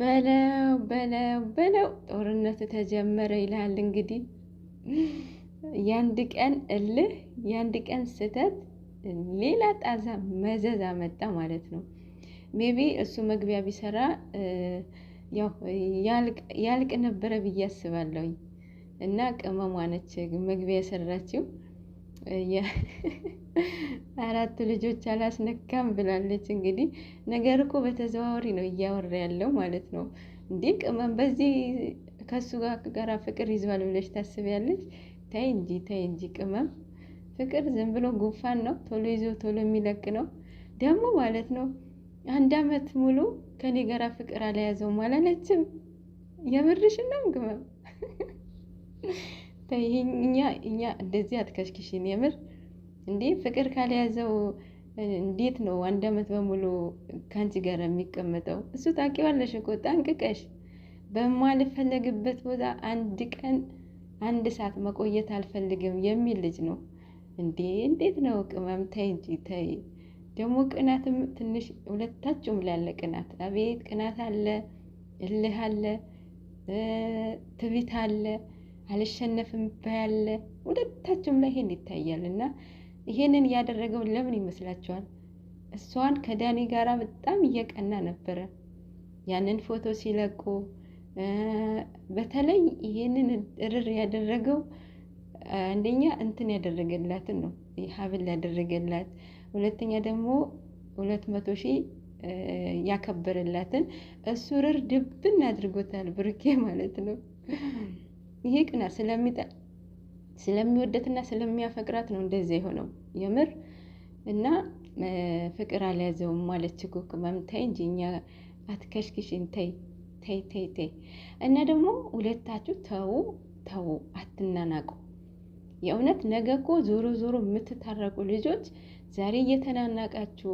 በለው በለው በለው ጦርነቱ ተጀመረ ይላል። እንግዲህ ያንድ ቀን እልህ፣ ያንድ ቀን ስህተት ሌላ ጣዛ መዘዝ አመጣ ማለት ነው። ሜቢ እሱ መግቢያ ቢሰራ ያልቅ ነበረ ብዬ አስባለሁኝ። እና ቅመሟ ነች መግቢያ የሰራችው። አራቱ ልጆች አላስነካም ብላለች። እንግዲህ ነገር እኮ በተዘዋወሪ ነው እያወራ ያለው ማለት ነው። እንዴ ቅመም በዚህ ከእሱ ጋር ፍቅር ይዟል ብለሽ ታስቢያለች ተይ እንጂ ተይ እንጂ ቅመም። ፍቅር ዝም ብሎ ጉንፋን ነው፣ ቶሎ ይዞ ቶሎ የሚለቅ ነው። ደግሞ ማለት ነው አንድ አመት ሙሉ ከኔ ጋራ ፍቅር አልያዘውም አላለችም። የምርሽን ነው ቅመም እኛ እኛ እንደዚህ አትከሽክሽን የምር እንዴ ፍቅር ካልያዘው እንዴት ነው አንድ አመት በሙሉ ከአንቺ ጋር የሚቀመጠው? እሱ ታውቂዋለሽ እኮ ጠንቅቀሽ። በማልፈለግበት ቦታ አንድ ቀን አንድ ሰዓት መቆየት አልፈልግም የሚል ልጅ ነው እንዴ! እንዴት ነው ቅመም፣ ተይ እንጂ ተይ። ደግሞ ቅናትም ትንሽ ሁለታችሁም ላለ ቅናት፣ አቤት ቅናት አለ፣ እልህ አለ፣ ትቢት አለ። አልሸነፍም ባያለ ሁለታቸውም ላይ ይሄን ይታያል። እና ይሄንን ያደረገው ለምን ይመስላችኋል? እሷን ከዳኒ ጋራ በጣም እየቀና ነበረ። ያንን ፎቶ ሲለቁ በተለይ ይሄንን እርር ያደረገው አንደኛ እንትን ያደረገላትን ነው ሀብል ያደረገላት፣ ሁለተኛ ደግሞ ሁለት መቶ ሺህ ያከበረላትን እሱ ርር ድብን አድርጎታል። ብሩኬ ማለት ነው። ይሄ ቅናት ስለሚጠል ስለሚወደትና ስለሚያፈቅራት ነው እንደዚያ የሆነው የምር እና ፍቅር አልያዘውም ማለት ችኩክ መምታይ እንጂ እኛ አትከሽክሽን ተይ ተይ ተይ ተይ። እና ደግሞ ሁለታችሁ ተው ተው አትናናቁ። የእውነት ነገ እኮ ዞሮ ዞሮ የምትታረቁ ልጆች ዛሬ እየተናናቃችሁ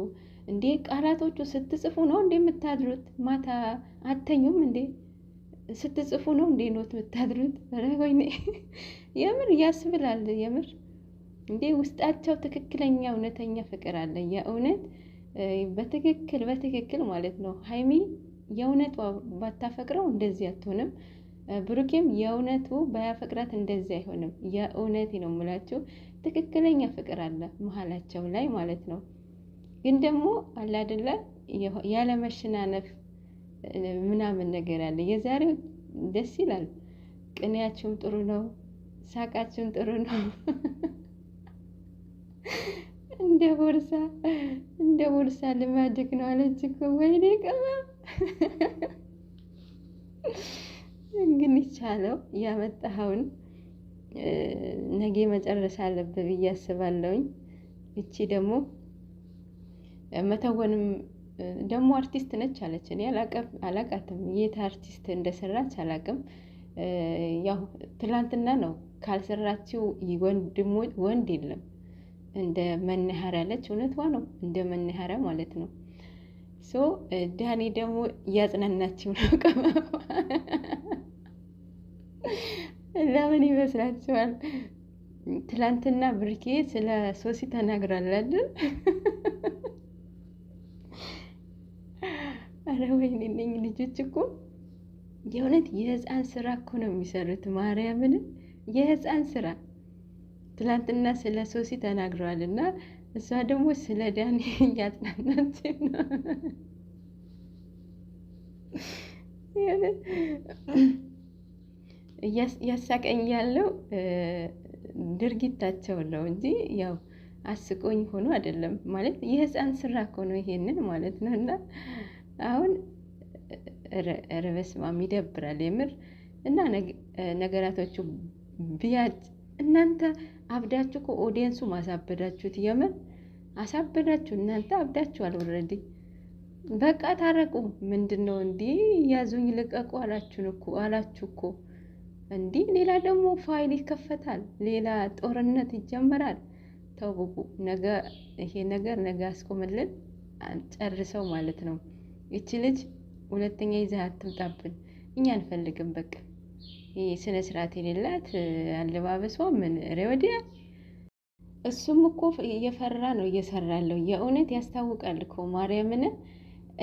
እንዴ ቃላቶቹ ስትጽፉ ነው እንዴ የምታድሩት? ማታ አተኙም እንዴ? ስትጽፉ ነው እንዴ ኖት የምታድሩት? ወይኔ የምር ያስብላል። የምር እንዴ ውስጣቸው ትክክለኛ እውነተኛ ፍቅር አለ። የእውነት በትክክል በትክክል ማለት ነው። ሀይሚ የእውነቱ ባታፈቅረው እንደዚህ አትሆንም። ብሩኬም የእውነቱ ባያፈቅራት እንደዚህ አይሆንም። የእውነት ነው የምላችሁ ትክክለኛ ፍቅር አለ መሀላቸው ላይ ማለት ነው። ግን ደግሞ አላደለ ያለመሸናነፍ ምናምን ነገር አለ። የዛሬው ደስ ይላል። ቅኔያችሁም ጥሩ ነው፣ ሳቃችሁም ጥሩ ነው። እንደ ቦርሳ እንደ ቦርሳ ልማድግ ነው አለች እኮ ወይኔ ቅማ ግን ይቻለው ያመጣኸውን ነገ መጨረሻ አለብህ ብዬ አስባለሁኝ። እቺ ደግሞ መተወንም ደግሞ አርቲስት ነች አለች። እኔ አላቃትም የት አርቲስት እንደሰራች አላቅም። ያው ትላንትና ነው ካልሰራችው ወንድ የለም እንደ መናኸሪያ አለች። እውነቷ ነው፣ እንደ መናኸሪያ ማለት ነው። ሶ ዳኒ ደግሞ እያጽናናችው ነው። ቀመማ ለምን ይመስላችኋል? ትላንትና ብርኬ ስለ ሶሲ ተናግራላለን። ኧረ ወይኔ እነኝ ልጆች እኮ የእውነት የህፃን ስራ እኮ ነው የሚሰሩት። ማርያምን የህፃን ስራ ትላንትና ስለ ሶሲ ተናግረዋል እና እሷ ደግሞ ስለ ዳኒ እያጥናናችን ያሳቀኝ ያለው ድርጊታቸው ነው እንጂ ያው አስቆኝ ሆኖ አይደለም ማለት የህፃን ስራ እኮ ነው ይሄንን ማለት ነው እና አሁን ረበስማም ይደብራል የምር እና ነገራቶቹ ቢያጭ እናንተ አብዳችሁ እኮ ኦዲየንሱ ማሳበዳችሁት የምር አሳበዳችሁ እናንተ አብዳችሁ አልወረዲ በቃ ታረቁ ምንድን ነው እንዲህ ያዙኝ ልቀቁ አላችሁን እኮ አላችሁ እኮ እንዲህ ሌላ ደግሞ ፋይል ይከፈታል ሌላ ጦርነት ይጀመራል ተው ነገ ይሄ ነገር ነገ አስቆምልን ጨርሰው ማለት ነው ይቺ ልጅ ሁለተኛ ይዘህ አትምጣብን፣ እኛ አንፈልግም። በቃ ይህ ስነ ስርዓት የሌላት አለባበሷ ምን ሬወዲያ። እሱም እኮ እየፈራ ነው እየሰራለሁ። የእውነት ያስታውቃል እኮ ማርያምን፣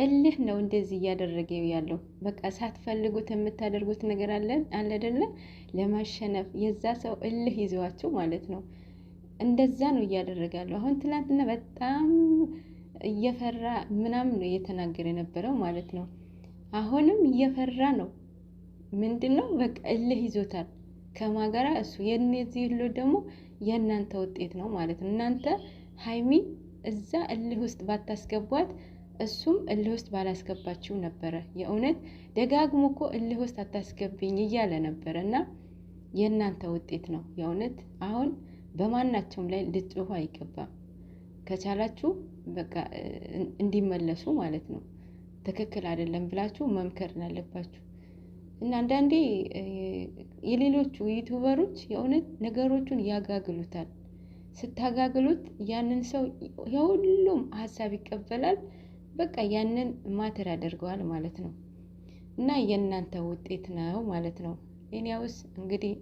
እልህ ነው እንደዚህ እያደረገ ያለው። በቃ ሳትፈልጉት የምታደርጉት ነገር አለ አይደለ? ለማሸነፍ የዛ ሰው እልህ ይዘዋቸው ማለት ነው። እንደዛ ነው እያደረጋለሁ። አሁን ትናንትና በጣም እየፈራ ምናምን ነው እየተናገረ የነበረው ማለት ነው። አሁንም እየፈራ ነው። ምንድን ነው በቃ እልህ ይዞታል። ከማ ጋራ እሱ የነዚህ ሁሉ ደግሞ የእናንተ ውጤት ነው ማለት ነው። እናንተ ሀይሚ እዛ እልህ ውስጥ ባታስገቧት እሱም እልህ ውስጥ ባላስገባችው ነበረ። የእውነት ደጋግሞ እኮ እልህ ውስጥ አታስገብኝ እያለ ነበረ እና የእናንተ ውጤት ነው የእውነት። አሁን በማናቸውም ላይ ልጽሁ አይገባም ከቻላችሁ በቃ እንዲመለሱ ማለት ነው። ትክክል አይደለም ብላችሁ መምከር ያለባችሁ እና አንዳንዴ የሌሎቹ ዩቱበሮች የእውነት ነገሮቹን ያጋግሉታል። ስታጋግሉት ያንን ሰው የሁሉም ሀሳብ ይቀበላል። በቃ ያንን ማተር ያደርገዋል ማለት ነው እና የእናንተ ውጤት ነው ማለት ነው። ኤንያውስ እንግዲህ